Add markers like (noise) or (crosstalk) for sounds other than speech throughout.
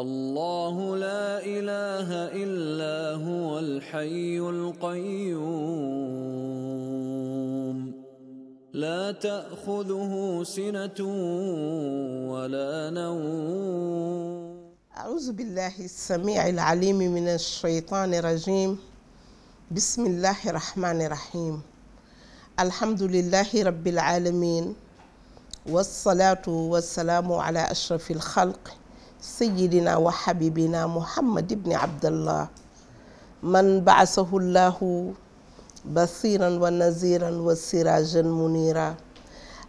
الله لا إله إلا هو الحي القيوم لا تأخذه سنة ولا نوم أعوذ بالله السميع العليم من الشيطان الرجيم بسم الله الرحمن الرحيم الحمد لله رب العالمين والصلاة والسلام على أشرف الخلق sayidina wa xabibina muhammad ibni abdallah man baasahu llahu basiran wa naziran wa sirajan munira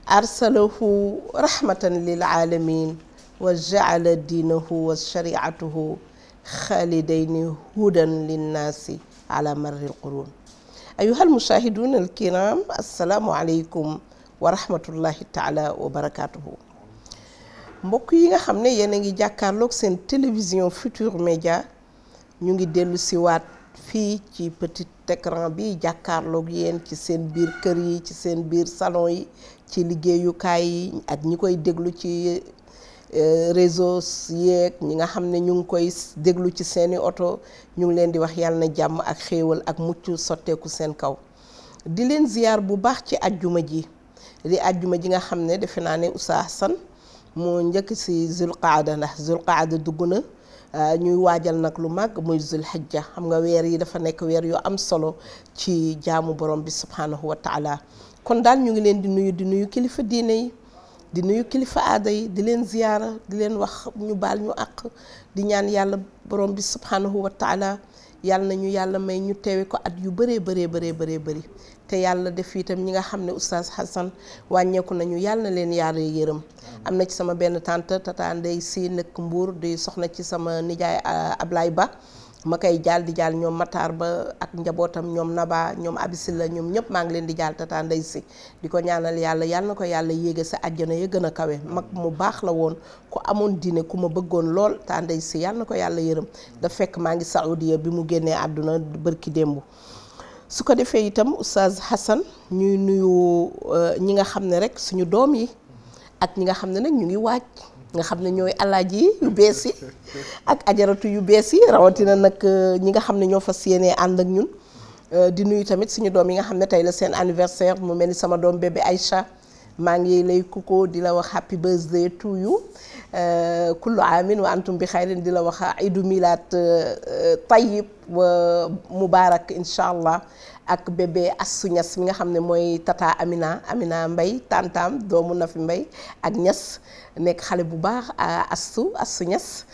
arsalahu rahmatan lilaalamin wa jaala diinahu wa shariatuhu xaalidayni hudan linnaasi ala marri lqurun ayuha almushahiduna alkiram assalaamu aleykum wa rahmatullahi taala wa barakatuhu mbokk yi nga xam ne yéen a ngi jàkkaarlook seen télévision Futur Média ñu ngi dellu siwaat fii ci petit écran bi jàkkaarlook yéen ci seen biir kër yi ci seen biir salon yi ci liggéeyukaay yi ak ñi koy déglu ci euh, réseaux yeeg ñi nga xam ne ñu ngi koy déglu ci seeni oto ñu ngi leen di wax yàlla na jàmm ak xéewal ak mucc sotteeku seen kaw di leen ziyaar bu baax ci ajjuma ji di ajjuma ji nga xam ne defe naa ne Oustaz Assane moo njëkk si zulqaada ndax zulqaada dugg na euh, ñuy waajal nag lu màgg muy zulhijja xam nga weer yi dafa nekk weer yu am solo ci jaamu borom bi subhanahu wa taala kon daal ñu ngi leen di nuyu di nuyu kilifa diine yi di nuyu kilifa aada yi di leen ziyaara di leen wax ñu baal ñu àq di ñaan yàlla borom bi subhanahu wa taala yàlla na ñu yàlla may ñu teewe ko at yu bëree bëree bëree bëree bëri te yàlla def itam ñi nga xam ne oustaz Hassan wàññeeku nañu yàlla na leen yaaru yërëm am na ci sama benn tante tata Ndeye si nekk Mbour di soxna ci sama nijaay euh, ablaay Ba ma koy jaal di jaal ñoom mataar ba ak njabootam ñoom Naba ñoom Abisil la ñoom ñëpp maa ngi leen di jaal tata si di ko ñaanal yàlla yal na ko yàlla yéege sa àjjana ya gën a kawe mag mu baax la woon ku amoon dine ku ma bëggoon lool ta si yal na ko yàlla yërëm da fekk maa ngi Saoudia bi mu génnee àdduna bërki démb su ko defee itam oustaz Hassan ñuy nuyu euh, ñi nga xam ne rek suñu doom yi ak ñi nga xam ne nag ñu ngi waaj nga xam ne ñooy alaaji yi yu bees yi ak ajaratu yu bees yi rawatina nag euh, ñi nga xam ne ñoo fas yéenee ànd ak ñun euh, di nuyu tamit suñu doom yi nga xam ne tey la seen anniversaire mu mel ni sama doom ay Aïcha maa ngi lay kuko di la wax happy birthday to yu kullu aamin wa antum bi xayrin di la wax a idu milaat tayyib wa mubaarak incha allah ak bébé Assu Ñas mi nga xam ne mooy tata Amina Amina Mbay tàntam doomu na fi Mbay ak Ñas nekk xale bu baax Assu Assu Ñas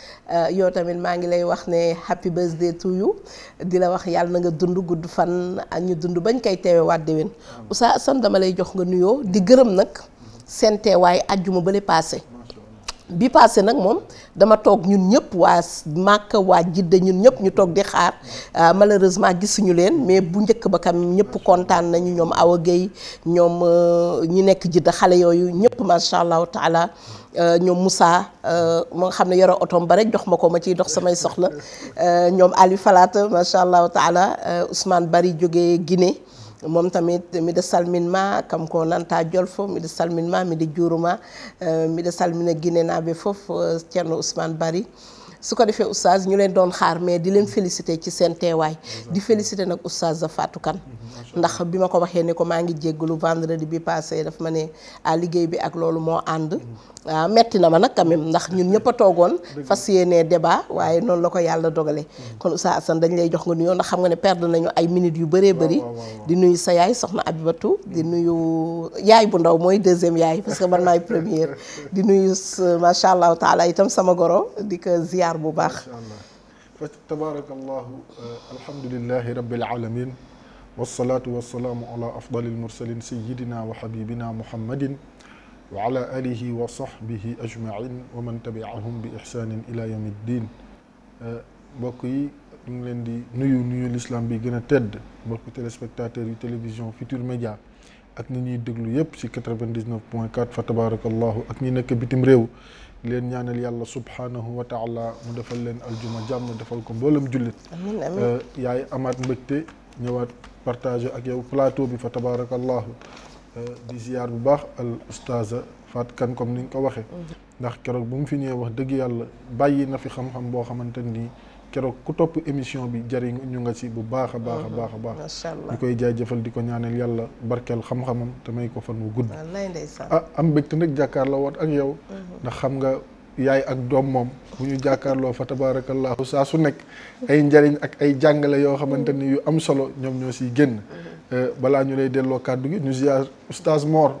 yow tamit maa ngi lay wax ne happy birthday to di la wax yàlla na nga dund gudd fan ñu dund bañ koy teewewaat déwén Oustaz Assane dama lay jox nga nuyoo di gërëm nag seen teewaay ajjuma bale paase bi passé nag moom dama toog ñun ñëpp waa Màkka waa Jidda ñun ñëpp ñu toog di xaar euh, malheureusement gisuñu leen mais bu njëkk ba kam ñëpp kontaan nañu ñoom Awa géey ñoom euh, ñu nekk Jidda xale yooyu ñëpp macha allahu taala euh, ñoom Moussa moo xam ne yore otom ba jox ma ko ma ciy dox samay soxla ñoom Aliou Falata macha allahu taala Ousmane Bari jóge Guinée. moom tamit miɗo salminma kanko nanta jol mi fof miɗo salminma miɗo juuruma naa euh, salmina foofu foof ceerno euh, ousmane bari su ko defee oustaz ñu leen doon xaar mais di leen félicité ci seen teewaay di félicité nag oustaz Fatou Kane ndax bi ma ko waxee ne ko maa ngi jéggalu vendredi bi passé daf ma ne ah liggéey bi ak loolu moo ànd ah metti na ma nag quand ndax ñun ñëpp a toogoon fas yéenee débat waaye noonu la ko yàlla dogale kon Oustaz Assane dañ lay jox nga nuyoo ndax xam nga ne perdre nañu ay minutes yu bëree bëri di nuyu sa yaay soxna Abibatu di nuyu yaay bu ndaw mooy deuxième yaay parce que man maay première di nuyu macha allah taala itam sama goro di ko ziyaar bu baax tabaarakallahu wasalaatu wasalaamu ala afdali almursalin sayidina wa xabibina muhammadin wa ala alihi wa sahbihi ajmain wa man tabiahum bi ixsanin ila yawmi ddin mbokk yi ñu ngi leen di nuyu nuyu l'islam bi gën a tedd mbokk téléspectateurs yu télévision Futur Média ak ñi ñuy déglu yépp ci 99 point 4 fa tabarakallahu ak ñi nekk bitim réew leen ñaanal yàlla subhaanahu wa taala mu defal leen aljuma jàmm defal ko mboolam jullit yaay amaat mbégte ñëwaat partagé ak yow plateau bi fa tabaarakallaahu eh, di bu baax al ustaaza Faat Kan comme ni nga ko waxee. Mhm. ndax keroog bu mu fi ñëwee wax dëgg yàlla bàyyi na fi xam-xam boo xamante ni keroog ku topp émission bi jëriñ ñu nga si bu baax a baax a mhm. baax a baax. macha allah di koy jaajëfal di ko ñaanal yàlla barkeel xam-xamam te may ko fan wu gudd. ah am mbégte nag jàkkaar la woot ak yow. Mhm. ndax xam nga. yaay ak doom moom bu ñu jàkkaarloo fa tabaarakallaahu saa su nekk ay njariñ ak ay jàngale yoo xamante ni yu am solo ñoom ñoo siy génn eh, balaa ñu lay delloo kàddu gi ñu ziar oustaz Mor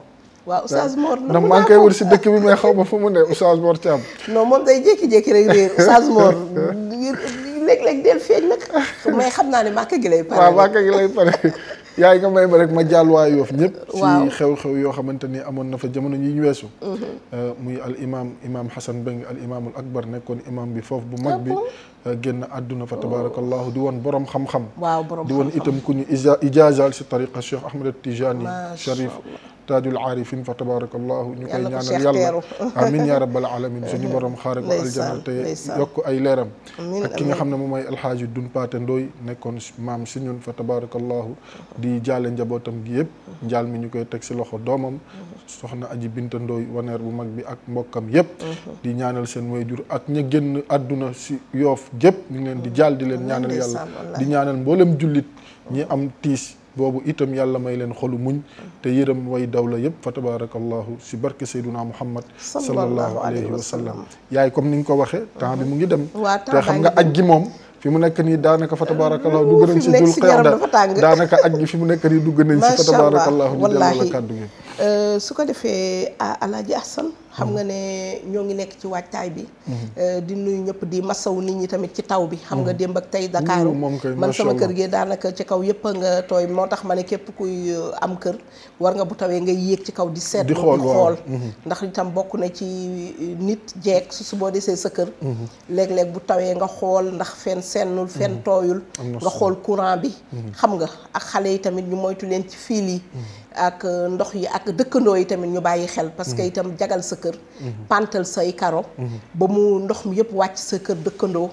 waaw oustaz eh, Mor na maa si dëkk bi mais xaw ma fu mu ne oustaz Mor Thiam non moom day jékki-jékki rek réer oustaz Mor (laughs) léeg-léeg del feeñ nag (laughs) mais xam naa ne màkk gi lay pare waaw màkk gi lay pare yaay nga may ma rek ma jàll waa Yoof ñëpp ci xew-xew yoo xamante ni amoon na fa jamono yi ñu weesu mm-hmm. euh, muy al imam imam Hasan Beng al imaamul akbar nekkoon imam bi foofu bu mag bi euh, génn àdduna fa tabarakallahu di woon borom xam-xam di woon itam ku ñu ijaazaal si tariqa Cheikh Ahmed Tijani Sharif taajul aarifin fa tabarakallahu ñu koy ñaanal yàlla (laughs) amin ya rabbal alamin suñu borom xaare ko aljana te yokk ay leeram ak ki nga xam ne moom mooy alxaaji dun paate ndooy nekkoon maam si ñun fa tabarakallahu di jaale njabootam gi yëpp njaal mi ñu koy teg si loxo doomam soxna aji binta ndooy waneer bu mag bi ak mbokkam yëpp mhm. di ñaanal seen waajur ak ña génn àdduna si yoof gépp ñu leen di jaal di leen ñaanal yàlla di ñaanal mboolem jullit ñi am tiis boobu itam yàlla may leen xolu muñ te yërëm way dawla yëpp fa tabarakallahu si barke sayduna muhammad sallallahu alayhi wa sallam yaay comme ni nga ko waxee temps bi mu ngi dem te xam nga aj moom fi mu nekk nii daanaka fa tabarakallahu dugg nañ si dul xeexda daanaka aj gi fi mu nekk nii dugg nañ si fa tabarakallahu ñu delloo la kàddu gi euh, su ko defee ah, alaaji ahsan xam nga ne ñoo ngi nekk ci waajtaay bi euh, di nuyu ñëpp di masaw nit ñi tamit ci taw bi xam nga mm-hmm. démb ak tey Dakaaru mm-hmm, man sama kër gee daanaka ci kaw yëpp nga tooy moo tax ma ne képp kuy euh, am kër war nga bu tawee nga yéeg ci kaw di seet di xool mm-hmm. ndax itam bokk na ci euh, nit jeeg su su boo desee sa kër léeg-léeg bu tawee nga xool ndax fenn sennul fenn tooyul nga xool courant bi xam nga ak xale yi tamit ñu moytu leen ci fiil yi ak euh, ndox yi ak dëkkandoo yi tamit ñu bàyyi xel parce que mhm. itam jagal sa kër mhm. pantal say karo mhm. ba mu ndox mi yëpp wàcc sa kër dëkkandoo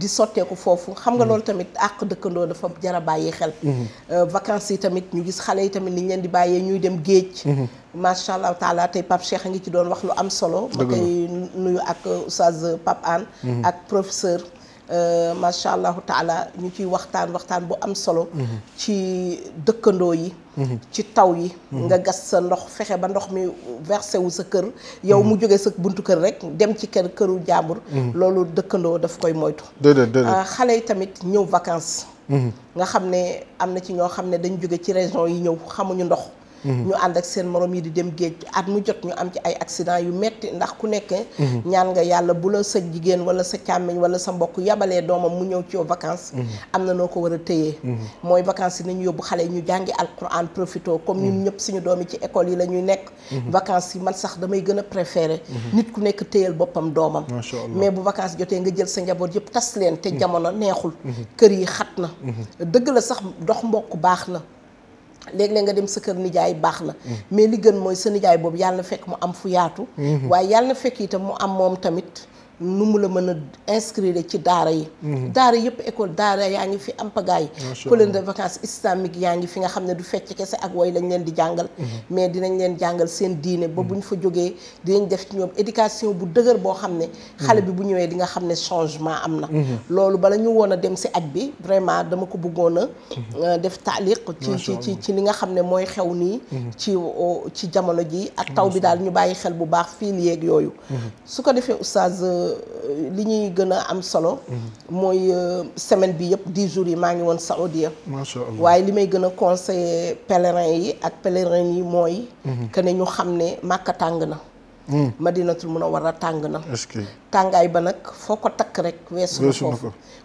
di sotteeku foofu xam nga loolu tamit àq dëkkandoo dafa jara bàyyi xel euh, vacances yi tamit ñu gis xale yi tamit li ñu di bàyyee ñuy dem géej macha allah taala tey Pape Cheikh a ngi ci doon wax lu am solo ma koy nuyu ak oustaz Pape Anne ak professeur euh, macha allah taala ñu ciy waxtaan waxtaan bu am solo ci dëkkandoo yi ci taw yi nga gas sa ndox fexe ba ndox mi versé wu sa kër yow mu jóge sa buntu kër rek dem ci kër këru jàmbur loolu dëkkandoo daf koy moytu ah, xale yi tamit ñëw vacances mhm. nga xam ne am na ci ñoo xam ne dañ jóge ci région yi ñëw xamuñu ndox ñu ànd ak seen morom yi di dem géej at mu jot ñu am ci ay accident yu metti ndax ku nekk mhm. ñaan nga yàlla bu la sa jigéen wala sa càmmiñ wala sa mbokk yabalee doomam mu ñëw ci yow vacances mhm. am na noo ko war a téyee mhm. mooy vacances yi nañu yóbbu xale yi ñu jàngi alquran profito comme ñun ñëpp suñu doom yi ci école yi la nekk vacances yi man sax damay gën a préféré nit ku nekk téyal boppam doomam mais bu vacances jotee nga jël sa njaboot yëpp tas leen te jamono neexul kër yi xat na dëgg la sax dox mbokk baax na léeg-léeg nga dem sa kër nijaay baax na mm. mais li gën mooy sa nijaay boobu yàlla na fekk mu am fu yaatu mm-hmm. waaye yàlla na fekk itam mu am moom tamit nu mu la mën a inscrire ci daara yi mhm. daara yëpp école daara yaa ngi fi ampagaay colonie de vacance islamique yaa ngi fi nga xam ne du fecc kese ak way lañ leen di jàngal mhm. mais dinañ leen jàngal seen diine ba mhm. buñ fa jógee dinañ def ci ñoom éducation bu dëgër boo xam ne xale bi bu ñëwee di nga xam ne changement am na loolu bala ñu woon a dem si aj bi vraiment dama ko bëggoon a euh, def taaliq ci ci ci ci li nga xam ne mooy xew nii ci ci jamono ji ak taw bi daal ñu bàyyi xel bu baax fii yeeg yooyu Euh, li ñuy gën a am solo. mooy euh, semaine bi yëpp di jour yi maa ngi woon Saoudia. macha allah waaye li may gën a conseiller pèlerin yi ak pèlerin yi mooy. Mhm. que ne ñu xam ne Màkka tàng na. ma a war a tàng na. tàngaay ba nag foo ko takk rek weesu na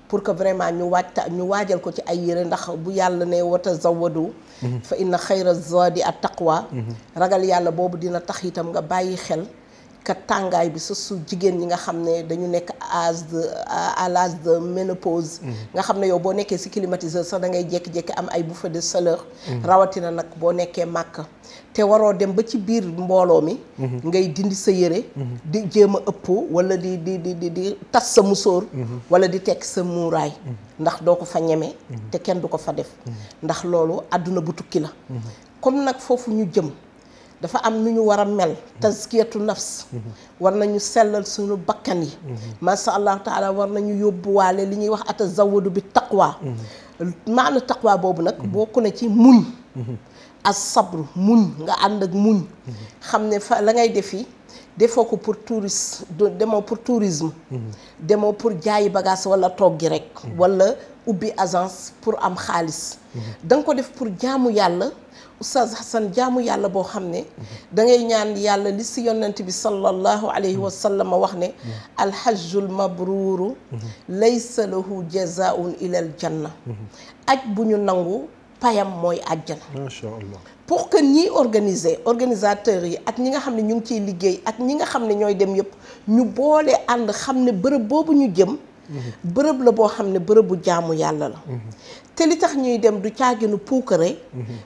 pour que vraiment ñu waajta ñu waajal ko ci ay yére ndax bu yàlla ne wata zawadu mhm. fa inna xayra zadi at taqwa mhm. ragal yàlla boobu dina tax itam nga bàyyi xel. que tàngaay bi su jigéen ñi nga xam ne dañu nekk âge de à l'âge de ménopause mm-hmm. nga xam ne yow boo nekkee si climatiser sax dangay ngay jékki am ay bouffées de chaleur mm-hmm. rawatina nag boo nekkee màkk te waroo dem ba ci biir mbooloo mi mm-hmm. ngay dindi sa yére di jéem a ëpp wala di di di tas sa musóor wala di tekk sa muuraay ndax doo ko fa ñeme te kenn du ko fa def ndax loolu àdduna bu tukki la comme nag foofu ñu jëm dafa am nu ñu war a mel mm-hmm. tazkiyatu nafs mm-hmm. war nañu sellal suñu bakkan yi mm-hmm. masha allahu taala war nañu waale li ñuy wax atazawadu bi taqwa maana taqwa boobu nag bokk na ci muñ as sabru muñ nga ànd ak muñ xam ne fa la ngay defi defoo ko pour touriste demoo pour tourisme demoo pour jaayi bagage wala toggi rek wala ubbi agence pour am xaalis danga ko def pour jaamu yàlla oustaz Hassan jaamu yàlla boo xam ne da ngay ñaan yàlla li si yonent bi sallallahu alayhi wa sallam wax ne alhajjul mabruuru laysa lahu jazaun ila al janna aj bu ñu nangu payam mooy àjjana macha allah pour que ñiy organiser organisateurs yi ak ñi nga xam ne ñu ngi ciy liggéey ak ñi nga xam ne ñooy dem yëpp ñu boole ànd xam ne bërëb boobu ñu jëm bërëb la boo xam ne bërëb bu jaamu yàlla la te li tax ñuy dem du caaginu puukare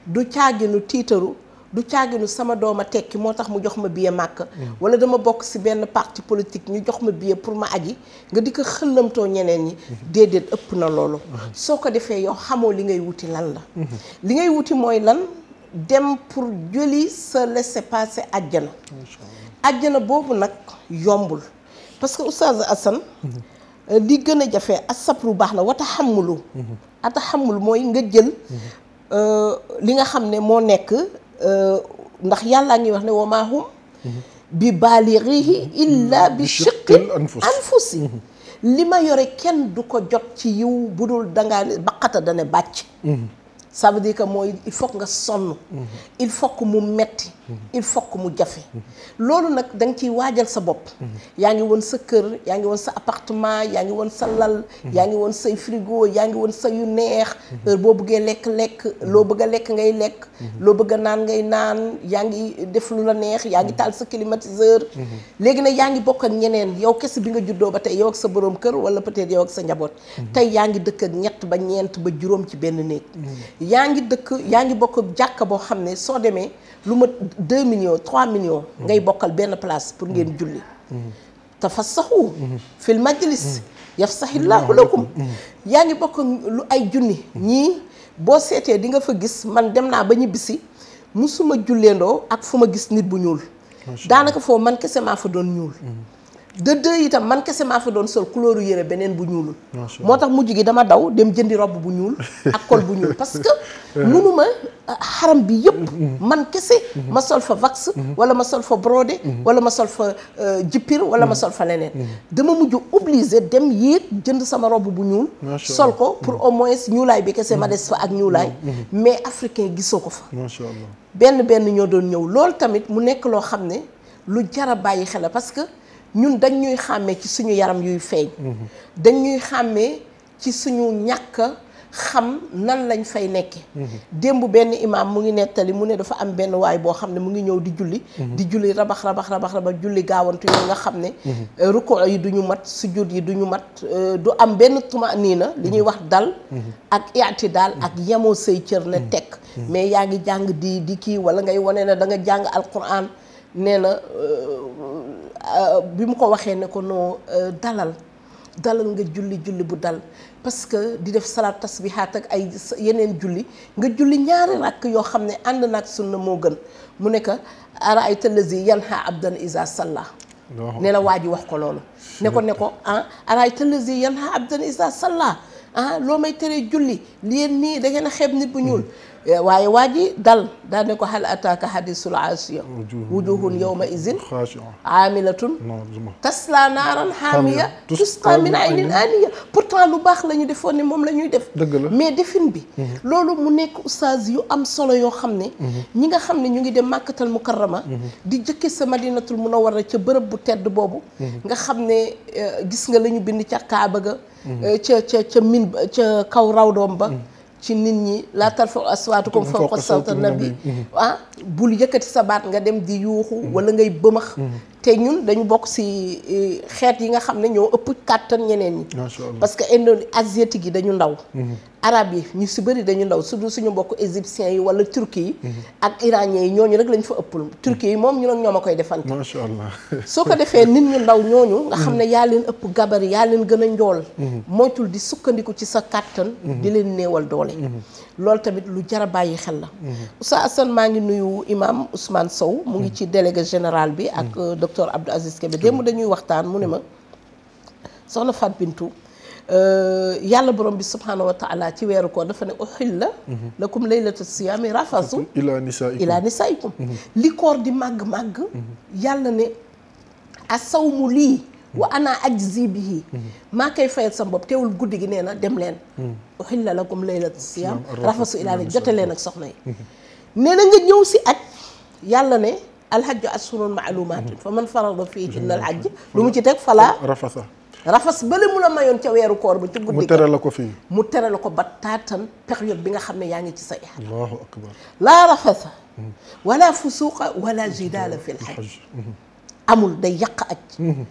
du caaginu tiitaru du caaginu sama doom a tekki moo tax mu jox ma billet màkk wala dama bokk ci benn parti politique ñu jox ma billet pour ma aji nga di ko xëllamtoo ñeneen ñi déedéet ëpp na loolu soo ko defee yow xamoo li ngay wuti lan la li ngay wuti mooy lan dem pour jëli sa laisser-passer àjjana àjjana boobu nag yombul parce que Oustaz Assane mhm. li gën a jafe asabru baax la wata xamulu ata xamul mooy nga jël euh, li nga xam ne moo nekk euh, ndax yàllaa ngi wax ne wa maa bi baalixihi illa bi shiqil anfusi mhm. li ma yore kenn du ko jot ci yiw bu dul dangaa ne baqata dane bàcc mhm. ça veut que mooy il faut nga sonn mhm. il faut mu metti il faut que mu jafe loolu nag da nga ciy waajal sa bopp yaa ngi woon sa kër yaa ngi woon sa appartement yaa ngi woon sa lal yaa ngi woon say frigo yaa ngi woon sa yu neex heure boo bëggee lekk-lekk loo bëgg lekk ngay lekk loo bëgg naan ngay naan yaa ngi def lu la neex yaa ngi taal sa climatiseur léegi nag yaa ngi bokk ak ñeneen yow kese bi nga juddoo ba tey yow ak sa boroom kër wala peut-être ak sa njaboot tey yaa ngi dëkk ñett ba ñeent ba juróom ci benn néeg yaa ngi dëkk yaa ngi bokk ak jàkka boo xam ne soo demee lu ma deux millions trois millions ngay bokkal benn place pour ngeen julli tafassaxu fil majlis yafsaxillaahu lakum yaa ngi bokk lu ay junni ñii boo seetee di nga fa gis man dem naa ba ñibbisi suma julleendoo ak fu ma gis nit bu ñuul daanaka foo man kese maa fa doon ñuul mm. de deux itam man kese maa fa doon sol couleur yére beneen bu ñuulul. moo tax mujj gi dama daw dem jëndi robe bu ñuul ak col bu ñuul parce que. (laughs) mënuma ah, xaram bi yëpp. Mm-hmm. Mm-hmm. man kese mm-hmm. ma sol fa wax. wala ma sol fa brodé. wala ma sol fa euh, jippir wala ma sol fa leneen. dama mujj obligé dem yéeg jënd sama robe bu ñuul. sol ko pour au moins ñuulaay bi kese ma des fa ak ñuulaay. mais africain gisoo ko fa. macha allah benn benn ñoo doon ñëw loolu tamit mu nekk loo xam ne lu jar a bàyyi xel parce que. ñun dañ ñuy xàmmee ci suñu yaram yuy feeñ dañ ñuy xàmmee ci suñu ñàkk xam nan lañ fay nekke démb benn imaam mu ngi nettali mu ne dafa am benn waay boo xam ne mu ngi ñëw di julli di julli rabax rabax rabax rabax julli gaawantu yooyu nga xam ne ruko yi du ñu mat sujud yi duñu mat euh, du am benn tuma nii na li ñuy wax dal ak iati daal ak yemo say cër ne tek mais yaa ngi jàng di di kii wala ngay wane ne da nga jàng alquran nee na euh, Euh, bi mu ko waxee ne ko noo euh, dalal dalal nga julli julli bu dal parce que di def salaat tasbihaat ak ay yeneen julli nga julli ñaari rakk yoo xam ne ànd naag sunna moo gën mu ne ka ay lazi yanha abdan isa salla waa ji wax ko loolu ne ko ne ko ah araayta lazi yanha abdan isa salla ah, loo may tere julli liyeen nii dangeen ngeen a xeeb nit bu ñuul Eh, waaye waa ji dal daane ko hal ataaka hadisul aasiya wujuhun yawma izin aamilatun tasla naaran haamiya tusqa min aynin aaniya pourtant lu baax la ñu defoon ni moom la ñuy def mais defin bi mhm. loolu mu nekk ustaas yu am solo yoo xam ne mhm. ñi nga xam ne ñu ngi dem màkkatal mukarrama mhm. di jëkke sa madinatul munawwara ca bërëb bu tedd boobu nga xam ne eh, gis nga la ñu bind ca kaaba ga eh, ca ca ca min ca kaw rawdoom ba ci nit ñi laa tarfa aswaatukum fawqa sawti nabi mhm. ah bul yëkkati sa baat nga dem di yuuxu mhm. wala ngay bëmax mhm. te ñun dañu bokk si eh, xeet yi nga xam ne ñoo ëpp kàttan ñeneen ñi parce que indo asiatique yi dañu ndaw arab yi ñu si bëri dañu ndaw su suñu mbokk égyptiens yi wala turki yi ak iraniens yi ñooñu rek lañ fa ëppul turki yi moom ñu nag ñoom a koy defante macha allah soo ko defee nit ñu ndaw ñooñu nga xam ne mm-hmm. yaa leen ëpp gabari yaa leen gën a njool mm-hmm. moytul di sukkandiku ci sa kàttan mm-hmm. di leen néewal doole loolu tamit lu jar a bàyyi xel la Oustaz Assane maa ngi nuyu imam Ousmane Sow mu ngi ci délégué général bi ak euh, docteur Abdou Aziz Kébé démb dañuy waxtaan mu ne ma soxna Fat Euh, yàlla borom bi subhaanahu wa ci weeru koor dafa ne uhilla mhm. lakum laylatu siyaami rafasu ila nisaikum ila nisaikum mhm. li koor di màgg-màgg mhm. yàlla ne asawmu lii wa ana ajzi bihi maa koy fayal sa bopp teewul guddi gi nee na dem leen uhilla lakum laylatu siyaam rafasu ila ne jote leen ak soxna yi nee na nga ñëw si aj yàlla ne alhajju assurun maalumaat fa man farada fii hinna alhajj mu ci teg falaa rafasa rafas bële mu la mayoon ca weeru koor ba ci guddi mu tere la ko fii mu tere la ko ba taatan période bi nga xam ne yaa ngi ci sa ihraam laa rafasa wala fusuqa wala jidaala fil hajj mhm. amul day yàq aj mhm.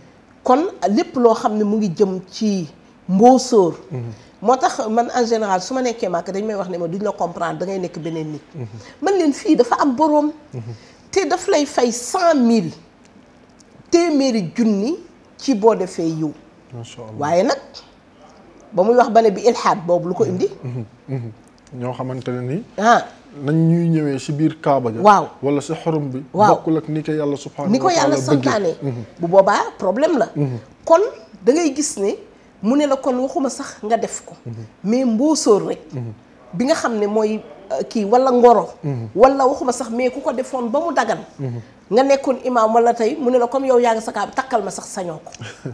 kon lépp loo xam ne mu ngi jëm ci mboosóor mhm. moo tax man en général su ma nekkee màkk dañ may wax ne ma duñ la comprendre dangay nekk beneen nit man leen fii dafa am boroom te daf lay fay cent mille téeméeri junni ci boo defee yow waaye nag ba muy wax ba ne bi ilhaad boobu lu ko indi. Mm-hmm. Mm-hmm. ñoo xamante ne ni. nañ ñuy ñëwee si biir Kaaba ga. waaw wala si xorom bi. waaw bokkul ak ni ko yàlla subhaanahu ni ko yàlla santaane. Mm-hmm. bu boobaa problème la. kon da ngay gis ne mu ne la kon waxuma sax nga def ko. mais mboosóor rek. bi nga xam ne mooy euh, kii wala ngoro. wala waxuma sax mais ku ko defoon ba mu dagal nga nekkoon imaam wala tey mu ne la comme yow yaa ngi sa Kaaba takkal ma sax sañoo ko. (laughs)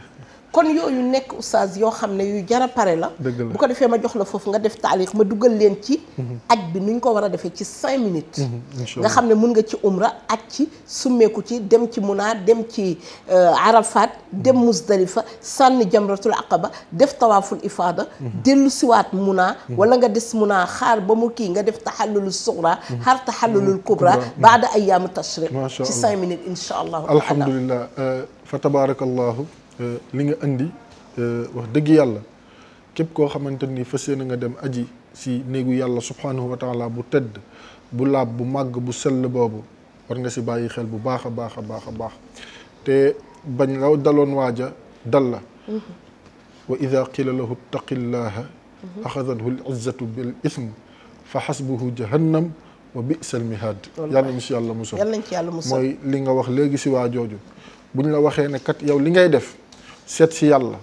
kon yooyu nekk oustaz yoo xam ne yu jara pare la bu ko defee ma jox la foofu nga def taaliq ma dugal leen ci mhm. aj bi nuñ ko war a defee ci cinq minutes mhm, nga xam ne mun nga ci umra aj ci summeeku ci dem ci munaa dem ci euh, arafat dem mhm. musdalifa sànni jamratul aqaba def tawaaful ifaada dellu siwaat munaa wala nga des munaa xaar ba mu kii nga def taxallulul sugra xaar taxallulul kubra baada ayaamu tashriq ci cinq minutes incha allahu alhamdulillah euh, fa tabaarakallahu Euh, li nga indi euh, wax dëgg yàlla képp koo xamante ni fas yéene nga dem aji si néegu yàlla subhanahu wa taala bu tedd bu laab bu màgg bu sell boobu war nga si bàyyi xel bu baax a baax a baax a baax te bañ law daloon waaja dal la mm-hmm. wa ida qila lahu ittaqillaha mm-hmm. axadathu l izzatu bil ism fa xasbuhu jahannam wa bisa al mihaad yàlla nañ si yàlla mooy li nga wax léegi si waa jooju ñu la waxee ne kat yow li ngay def seet si yàlla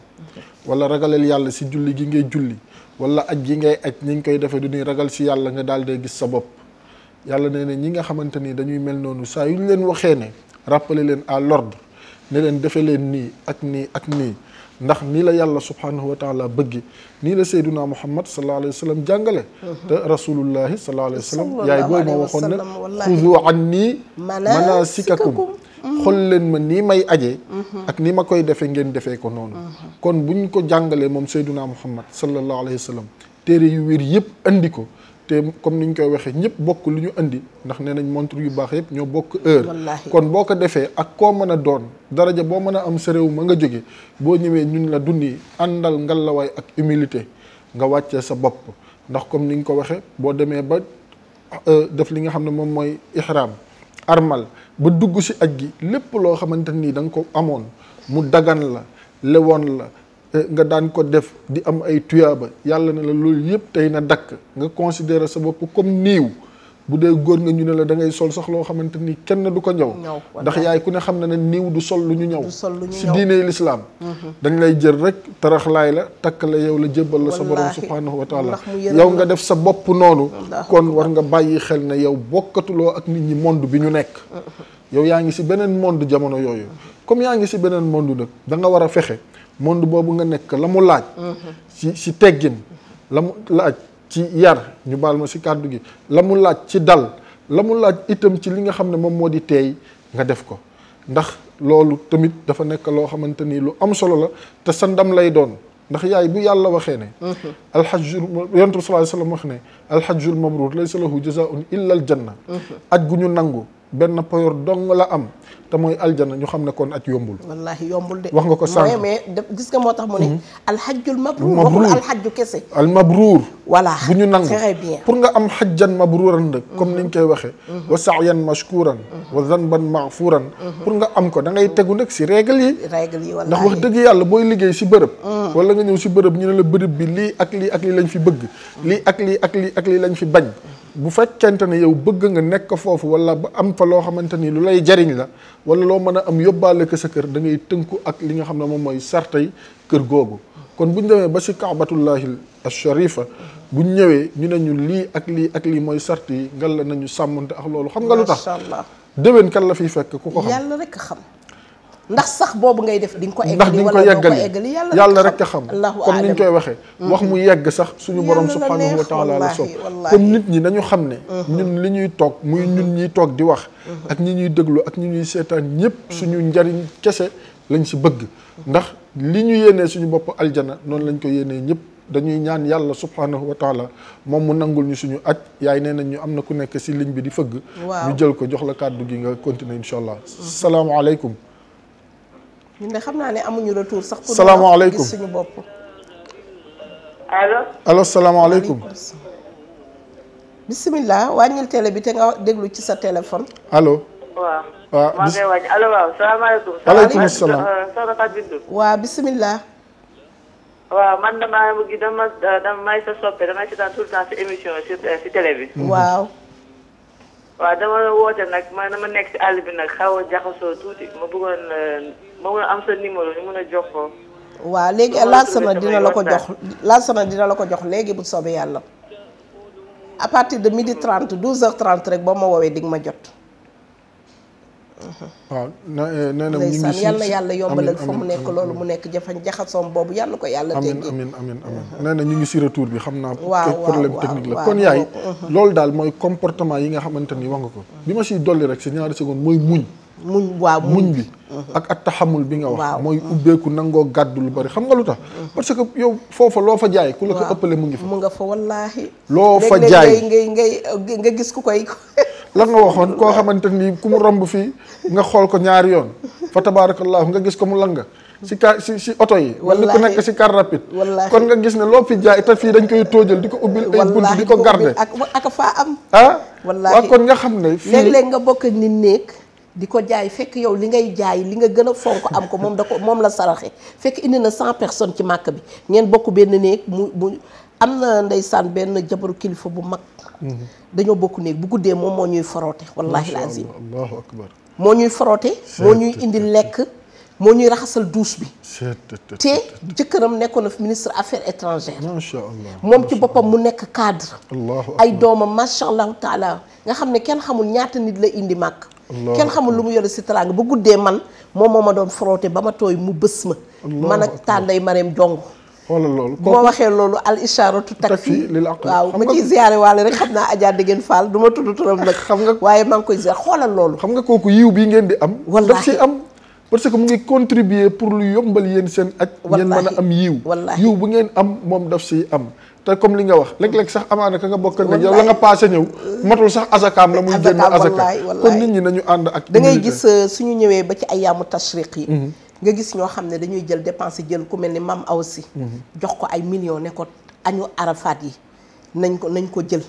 wala ragaleel yàlla si julli gi ngay julli wala aj gi ngay aj ñi ngi koy defee du ñuy ragal si yàlla nga daal dee gis sa bopp yàlla nee na ñi nga xamante ni dañuy mel noonu saa yu ñu leen waxee ne rappeler leen à l'ordre ne leen defe leen nii ak nii ak nii ndax nii la yàlla subhanahu wa taala bëgg nii la sayduna muhammad sallallahu alayhi wa sallam jàngale uh-huh. te rasulullahi sallallahu alayhi wa sallam yaay booy ma waxoon ne xudu an nii manasikakum xool leen ma nii may ajee ak ni ma koy defee ngeen defee ko noonu kon buñ ko jàngalee moom Seyduna Muhammad sallallahu alayhi wa sallam téere yu wér yëpp andi ko te comme ni ñu koy waxee ñëpp bokk lu ñu indi ndax nee nañ montre yu baax yëpp ñoo bokk heure kon boo ko defee ak koo mën a doon daraja boo mën a am sa réew ma nga jóge boo ñëwee ñun la dund yi àndal ngalawaay ak humilité nga wàccee sa bopp ndax comme ni nga ko waxee boo demee ba euh, def li nga xam ne moom mooy ihram armal ba dugg si aj gi lépp loo xamante nii da ko amoon mu dagan la lewoon la eh, nga daan ko def di am ay tuyaaba yàlla na la loolu yëpp tey na dakk nga considérer sa bopp comme niiw bu dee góor nga ñu ne la da ngay sol sax loo xamante ni kenn du ko ñaw ndax yaay ku ne xam na ne niiw du sol lu ñu ñaw si diine lislaam mhm. dañ lay jël rek taraxlaay la takk la yow la jébbal la sa borom subhaanahu wa taala yow nga def sa bopp noonu kon war nga bàyyi xel ne yow bokkatuloo ak nit ñi monde bi ñu nekk mhm. yow yaa ngi si beneen monde jamono yooyu comme yaa ngi si beneen monde nag da nga war a fexe monde boobu nga nekk la mu laaj mhm. si si teggin la laaj ci yar ñu baal ma si kàddu gi la mu laaj ci dal la mu laaj itam ci li nga xam ne moom moo di teey nga def ko ndax loolu tamit dafa nekk loo xamante ni lu am solo la te sa ndam lay doon ndax yaay bu yàlla waxee ne mhm. alxajjul yonent bi sallallahu alayhi wasallam wax ne alxajjul mabruur laysa lahu jazaun illa al janna mhm. aj gu ñu nangu benn payoor dong la am te mooy aljana ñu xam ne kon aj yombul. wallaahi yombul de. wax nga ko sànq mais gis nga moo tax mu ne. Mhm. alxajjul mabruur waxul alxajju kese. al mabruur. voilà bu ñu nangu très pour nga am xajjan mabruuran rek. Mhm. comme ni ñu koy waxee. Mhm. wa sa'yan mashkuuran. wa zanban maghfuuran. pour nga am ko da ngay tegu nag si règle yi. ndax wax dëgg yàlla booy liggéey si bërëb. wala nga ñëw si bërëb ñu ne la bërëb bi lii ak lii ak lii lañ fi bëgg. lii ak lii ak lii ak lii lañ fi bañ. bu fekkente ne yow bëgg nga nekk foofu wala ba am fa loo xamante ni lu lay jariñ la wala loo mën a am yóbbaale ko sa kër da ngay tënku ak li nga xam ne moom mooy sartay kër googu kon bu ñu demee ba si kaabatullahi asharifa bu ñu ñëwee ñu ne ñu lii ak lii ak lii mooy sart yi ngal la nañu sàmmunte ak loolu xam nga lu tax déwén kan la fiy fekk ku ko xam yàlla rek xam ndax sax boobu ngay def di nga ko eggali wala doo ko eggali yàlla rek a xam comme niñ koy waxee mm-hmm. wax mu yegg sax suñu borom subhanahu wa taala la soob comme nit ñi nañu xam ne mm-hmm. ñun li ñuy toog muy mm-hmm. ñun ñuy toog di wax ak ni ñuy déglu ak ñi ñuy seetaan ñëpp suñu njariñ kese lañ si bëgg ndax li ñu yéenee suñu bopp aljana noonu lañ ko yéenee ñëpp dañuy ñaan yàlla subhanahu wa taala moom mu nangul ñu suñu aj yaay nee nañ ñu am na ku nekk si ligne bi di fëgg ñu jël ko jox la kàddu gi nga continuer incha allah salaamaaleykum ñun de xam naa ne amuñu retour sax. pour ñu gis suñu bopp allo allo salaamaaleykum. bisimilah wàññil télé bi te nga déglu ci sa téléphone. allo. waaw. waaw maa ngi lay wàññi allo waaw salaamaaleykum. waaleykum salaam soxna Fatou Bintou. waaw bisimilah. waaw man damaa dama dama may sa soppe damay seetaan tout le temps si émission si si télé bi. waaw. waaw dama woote nag ma dama nekk ci àll bi nag xaw a jaxasoo tuuti ma bëggoon euh, ma mën a am sa numéro ñu mën a jokkoo. waaw léegi Lansana dina la ko jox Lansana dina la ko jox léegi bu soobee yàlla a partir de midi 30 12h30 rek boo ma woowee di ma jot. waaw eh, nee na mu ngi si mu nekk loolu mu nekk jafañ jaxasoom uh-huh. ñu ngi si retour bi xam naa problème technique la kon yaay uh-huh. loolu daal mooy comportement yi nga xamante ni wax nga ko bi ma siy dolli rek si ñaari seconde mooy muñ muñ bi uh-huh. ak at taxamul bi nga wax mooy ubbeeku nangoo gàddu lu bari xam nga lu tax parce que yow foofa loo fa jaay ku la ko ëppale mu ngi fa mu nga fa wallaahi loo fa jaay nga gis ku koy (laughs) la waxoon koo xamante ni ku mu romb fii nga xool ko ñaari yoon fa tabaarakallaahu nga gis ko mu lang si car si oto yi wala ku nekk si car rapide kon nga gis ne loo fi jaay te fii dañ koy tóojal di ko ubbil ay bunt di ko garde ak faa am ah wallaahi waa kon nga xam ne léeg nga bokk nit néeg di ko jaay fekk yow li ngay jaay li nga gën a fonk am ko moom da ko moom la saraxee fekk indi na cent personne ci màkk bi ngeen bokk benn néeg mu mu am na ndeysaan benn jabaru kilifa bu mag mhm. dañoo bokk néeg bu guddee moom moo ñuy foroote wallahi lazim allahu akbar moo ñuy foroote moo ñuy indi lekk moo ñuy raxasal douche bi te jëkkëram nekkoon na fi ministre affaires étrangères macha allah moom ci boppam mu nekk cadre ay doomam macha allahu taala nga xam ne kenn xamul ñaata nit la indi màkk kenn xamul lu mu yore si teraanga ba guddee man moom moo ma doon foroote ba ma tooy mu bës ma man ak taal tànday mareem jongo xoolal loolu bu ma waxee loolu al isharatu takfi lil aql waaw ma ciy ziyaare waale rek xam naa Adja Degen Fall du ma tudd turam nag xam nga waaye maa ngi koy ziyaar xoolal loolu xam nga kooku yiw bii ngeen di am wallaahi daf si am parce que mu ngi pour lu yombal yéen seen ak ngeen mën am yiw wallaahi yiw bu ngeen am moom def si am te comme li nga wax léeg-léeg sax amaana ka nga bokkal ne yow la nga passé ñëw matul sax azakaam la muy génn azaka kon nit ñi nañu ànd ak dangay ngay gis euh, suñu ñëwee ba ci ay yaamu tashriq yi mhm. nga gis ñoo xam ne dañuy jël dépense jël ku mel ni mam aw si mhm. jox ko ay millions ne ko añu arafaat yi nañ ko nañ ko jël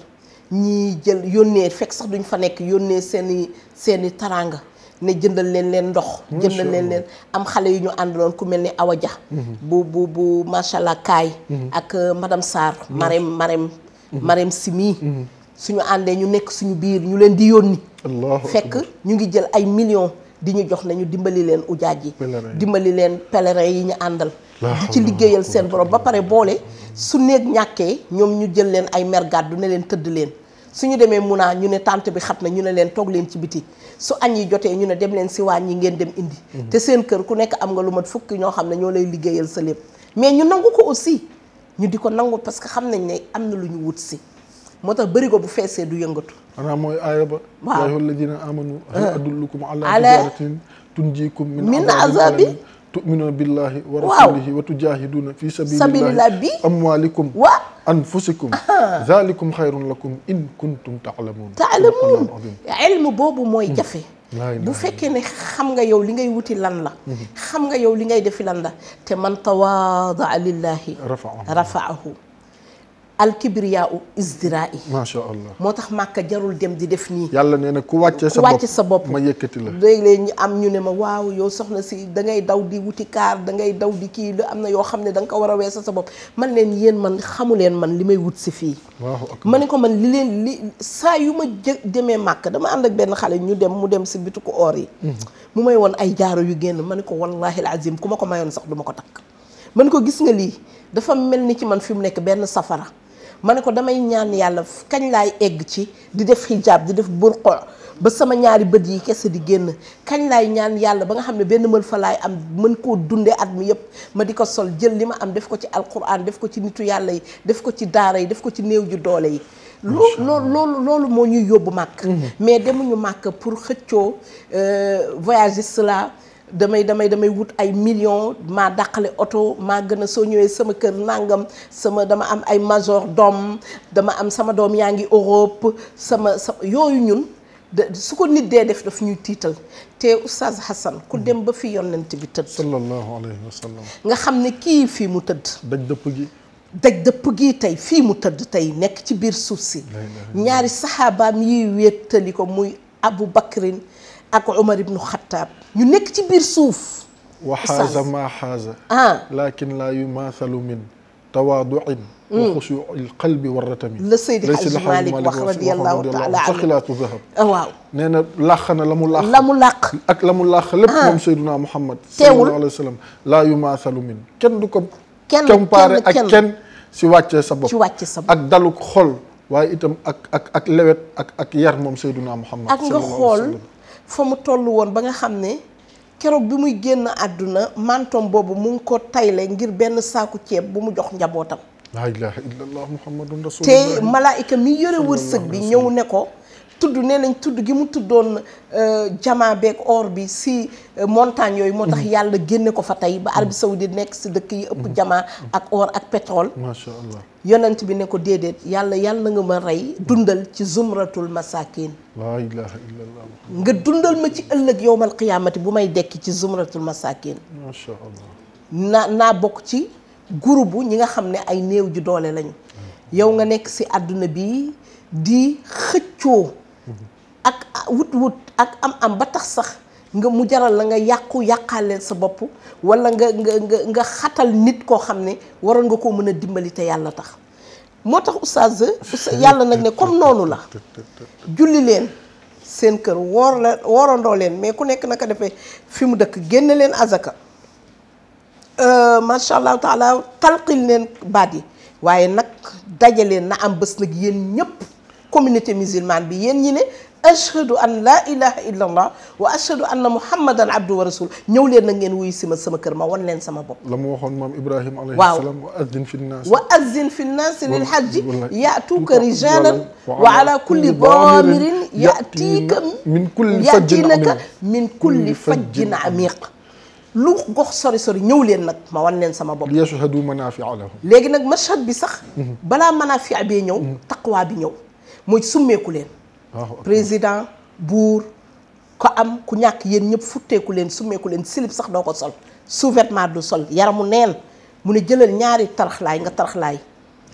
ñii jël yónnee fekk sax duñ fa nekk yónnee seeni seeni taranga ne jëndal leen leen ndox jëndal leen leen am xale yu ñu àndaloon ku mel ni Awa Dia mhm. bu bu bu macha allah kaay mhm. ak euh, madame Sarr marem marem marem simi suñu àndee ñu nekk suñu biir ñu leen di yónni fekk ñu ngi jël ay millions di ñu jox nañu dimbali leen ujaaj yi dimbali leen pèlerin yi ñu àndal di ci liggéeyal seen borom ba pare boole su néeg ñàkkee ñoom ñu jël leen ay mer gàddu ne leen tëdd leen su ñu demee munaa ñu ne tànt bi xat na ñu ne leen toog leen ci biti su añ yi jotee ñu ne dem leen si waañ yi ngeen dem indi mhm. te seen kër ku nekk am nga lu mat fukki ñoo xam ne ñoo lay liggéeyal sa lépp mais ñu nangu ko aussi ñu di ko nangu parce que xam nañ ne am na lu ñu wut si moo tax bërigo bu feesee du yëngatu. xanaa mooy aaya ba. waaw yaa ayyuhal ladiina aamanu. hal ah. adullukum alaa tijaaratin tunjiikum min azaabin tu'minuuna billaahi wa rasuulihi wa tujaahiduuna fi sabiilillaahi bi amwaalikum wa anfusikum ah. zaalikum xayrun lakum in kuntum ta'lamuun ta'lamuun ilmu boobu mooy mm. jafe bu fekkee ne xam nga yow li ngay wuti lan la mm-hmm. xam nga yow li ngay defi lan la te man tawaada lillaahi rafaahu alkibriyaa isdiraa i macha allah moo tax màkka jarul dem di def nii yàlla nee na ku wàcce sa bopp ku wàcce sa bopp ma yëkkati la léeg-léeg ñu am ñu ne ma waaw yow soxna si da ngay daw di wuti kaar da ngay daw di kii lu am na yoo xam ne da nga ko war a weesa sa bopp man leen yéen man xamu leen man li may wut si fii ma ne ko man li leen li saa yu ma jë demee màkk dama ànd ak benn xale ñu dem mu dem si bitu ko or yi mm-hmm. mu may woon ay jaaro yu génn ma ne ko wallahi alazim ku ma ko mayoon sax du ma ko takk man ko gis nga lii dafa mel ni ci man fi mu nekk benn safara ma ne ko damay ñaan yàlla kañ laay egg ci di def xijaab di def burqa ba sama ñaari bët yi kese di génn kañ laay ñaan yàlla ba nga xam ne benn mën fa laay am mën koo dundee at mi yëpp ma di ko sol jël li ma am def ko ci alquran def ko ci nitu yàlla yi def ko ci daara yi def ko ci néew ju doole yi loolu loolu loolu moo ñuy yóbbu màkk mm-hmm. mais demuñu màkk pour xëccoo euh, voyager cela damay damay damay wut ay millions maa dàqale oto maa gën a soo ñëwee sama kër nangam sama dama am ay major doom dama am sama doom yaa ngi Europe sama yooyu ñun su ko nit dee def daf ñuy tiital te Oustaz Hassan ku mm-hmm. dem ba fi yonent bi tëdd. sallallahu alayhi nga xam ne kii fii mu tëdd. daj dëpp gi. tey fii mu tëdd tey nekk ci biir suuf si. ñaari saxaabaam yiy wéttali ko muy Abu Bakrin ak Umar ibnu Xattaab ñu nekk ci biir suuf. wa xaaza maa xaaza. Ah. laakin laa yumaathalu min tawaaduin wa hmm. xusuuil qalbi wa ratami. la Seydi Hadji Malick wax radiyallaahu taala anhu saxilaatu zahab. Ah, waaw nee na làq na la mu làq. la mu làq ak la mu làq lépp ah. moom Seydina Muhammad. teewul sallallaahu alayhi wa sallam laa yumaathalu min kenn du ko. kenn comparé ak kenn si wàccee sa bopp. si wàccee sa bopp ak daluk xol. waaye itam ak ak ak lewet ak ak yar moom Seydina Muhammad. ak nga xool. fa mu toll woon ba nga xam ne keroog bi muy génn àdduna mantom boobu mu ngi ko tayle ngir benn saaku ceeb bu mu jox njabootam. laa ilaaha illallaah muhammadun rasulullah te malaayika mi yore wërsëg bi ñëw ne ko. tudd nee nañ tudd gi mu tuddoon euh, jamaa beeg or bi si euh, montagne yooyu moo tax mhm. yàlla génne ko fa tey ba Arabie mhm. Saoudite nekk si dëkk yi ëpp diamant mhm. ak or ak pétrole macha allah yonent bi ne ko déedéet yàlla yàlla nga ma rey dundal ci zumratul masakin laa ilaha illallah nga dundal ma ci ëllëg yowmal qiyaamati bu may dekki ci zumratul masakin macha allah naa naa bokk ci groupe ñi nga xam ne ay néew ju doole lañu yow nga nekk si àdduna bi di xëccoo ak wut wut ak am am ba tax sax nga mu jaral la nga yàqu yàqal leen sa bopp wala nga nga nga xatal nit koo xam ne waroon nga koo mën a dimbali te yàlla tax moo tax oustaz yàlla nag ne comme noonu la julli leen seen kër woor leen mais ku nekk naka defee fi mu dëkk génne leen azaka euh, macha allah taala talqil leen baat yi waaye nag dajaleen na am bés nag yéen ñëpp communauté musulmane bi yéen ñi ne ashhadu an laa ilaha illa allah wa ashhadu anna muhammadan abdu wa rasul ñëw leen na ngeen wuyu si ma sama kër ma wan leen sama bopp la mu waxoon maam ibrahim alayhi salaam wa azzin fi nnaas wa azzin fi nnaas lil hajji yaatuuka rijalan wa ala kulli daamirin yaatiika min kulli yaatiinaka min kulli fajjin amiq lu gox sori sori ñëw leen nag ma wan leen sama bopp yashhadu manafia lahum léegi nag mashhad bi sax mhm. balaa manafia bee ñëw mhm. taqwa bi ñëw mooy summeeku leen ah, président buur ko am ku ñàkk yéen ñëpp futteeku leen summeeku leen silib sax doo ko sol sous-vêtement du sol yaramu neen mu ne jëlal ñaari taraxlaay nga taraxlaay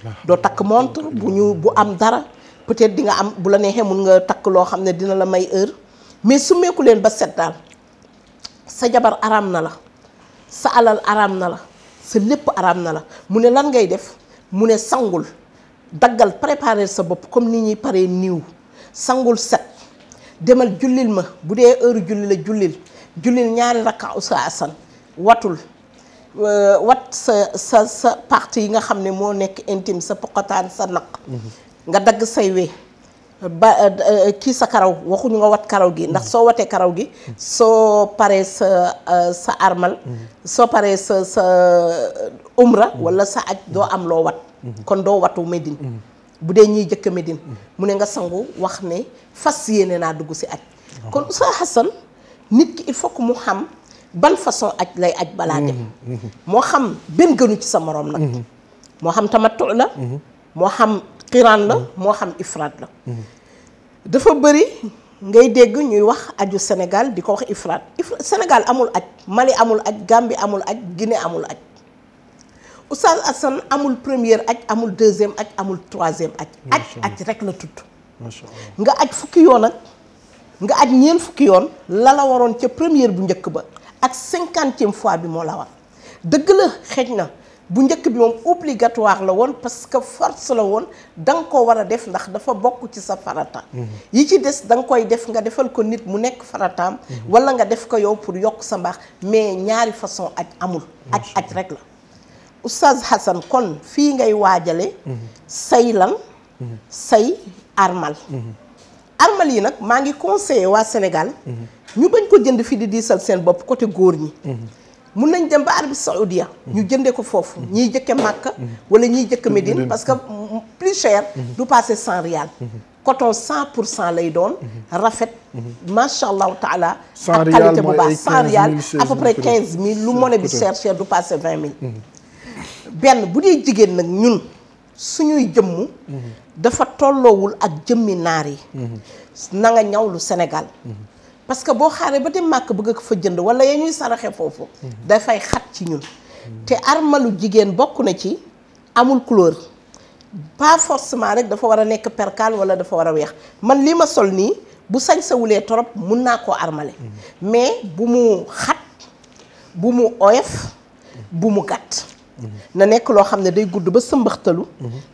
ah, doo takk montre bu ñu bu am dara peut-être di nga am bu la neexee mun nga takk loo xam ne dina la may heure mais summeeku leen ba set daal sa jabar araam na la sa alal araam na la sa lépp araam na la mu ne lan ngay def mu ne sangul daggal préparer sa bopp comme ni ñuy paree niiw sangul set demal jullil ma bu dee heure julli la jullil jullil ñaari rakka usaasan watul euh, wat sa sa sa partie yi nga xam ne moo nekk intime sa poqataan sa naq mhm. nga dagg say we ba euh, euh, kii sa karaw waxuñu nga wat karaw gi ndax mhm. soo watee karaw gi mhm. soo paree sa sa armal soo paree sa sa umra wala sa aj doo am loo wat kon doo watu Médine bu dee ñiy jëkk Médine mu ne nga sangu wax ne fas yéene naa dugg si aj kon oh. Oustaz Assane nit ki il faut mu xam ban façon aj lay aj balaa dem mm-hmm. mm-hmm. moo xam benn gënu ci sa moroom nag mm-hmm. moo xam tamattu la moo xam xiraan la moo xam ifraat la dafa bëri ngay dégg ñuy wax aju senegal di ko wax ifraat ifraat Sénégal amul aj Mali amul aj Gambie amul aj gine amul aj Oustaz Assane amul première aj amul deuxième aj amul troisième aj aj aj rek la tudd nga aj fukki yoon ak nga aj ñeent fukki yoon la la waroon ca première bu njëkk ba ak cinquantième fois bi moo la war dëgg la xeej na bu njëkk bi moom obligatoire la woon parce que force la woon da nga ko war a def ndax dafa bokk ci sa farata mhm. yi ci des da nga koy def nga defal ko nit mu nekk farataam mhm. wala nga def ko yow pour yokk sa mbaax mais ñaari façon aj amul aj aj rek la oustaz Hassan kon fii ngay waajale say lan say armal armal yi nag maa ngi conseillé waa Sénégal ñu bañ ko jënd fi di diisal seen bopp côté góor ñi mun nañ dem ba Arabie Saoudia ñu jëndee ko foofu ñiy jëkke Makka wala ñiy jëkke Médine parce que plus cher du passé cent rial coton cent pour cent lay doon rafet macha allahu taala ak qualité bu baax cent rial lu monnaie bi cher cher du passé vingt mille benn bu dee jigéen nag ñun suñuy jëmm dafa tolloowul ak jëmmi naar yi na ñaw lu senegal parce que boo xaaree ba dem màkk bëgg ko fa jënd wala ya ñuy saraxe foofu dafay xat ci ñun te armalu jigéen bokk na ci amul couleur pas forcément rek dafa war a nekk percale wala dafa war a weex man lii ma sol nii bu sañsawulee trop mun naa koo armale mais bu mu xat bu mu oyof bu mu gàtt na nekk loo xam ne day gudd ba sëmbaxtalu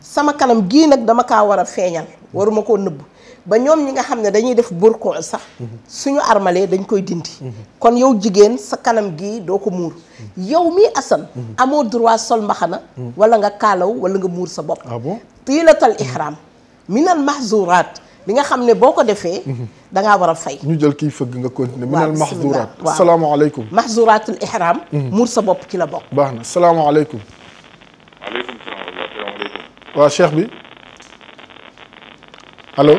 sama kanam gii nag dama kaa war a feeñal waruma koo nëbb ba ñoom ñi nga xam ne dañuy def burkon sax suñu armalee dañ koy dindi kon yow jigéen sa kanam gii doo ko muur yow mii Assane amoo droit sol mbaxana wala nga kaalaw wala nga muur sa bopp ah tiilatal ihram minal mahzurat bi nga xam ne boo ko defee. Mhm. da ngaa war a fay. ñu jël kii fëgg nga continuer. waaw minal mahzuraat waaw salaamaaleykum. mahzuraatul ihram. Mhm. muur sa bopp ci la bokk. baax na salaamaaleykum. maaleykum waa cheikh bi allo.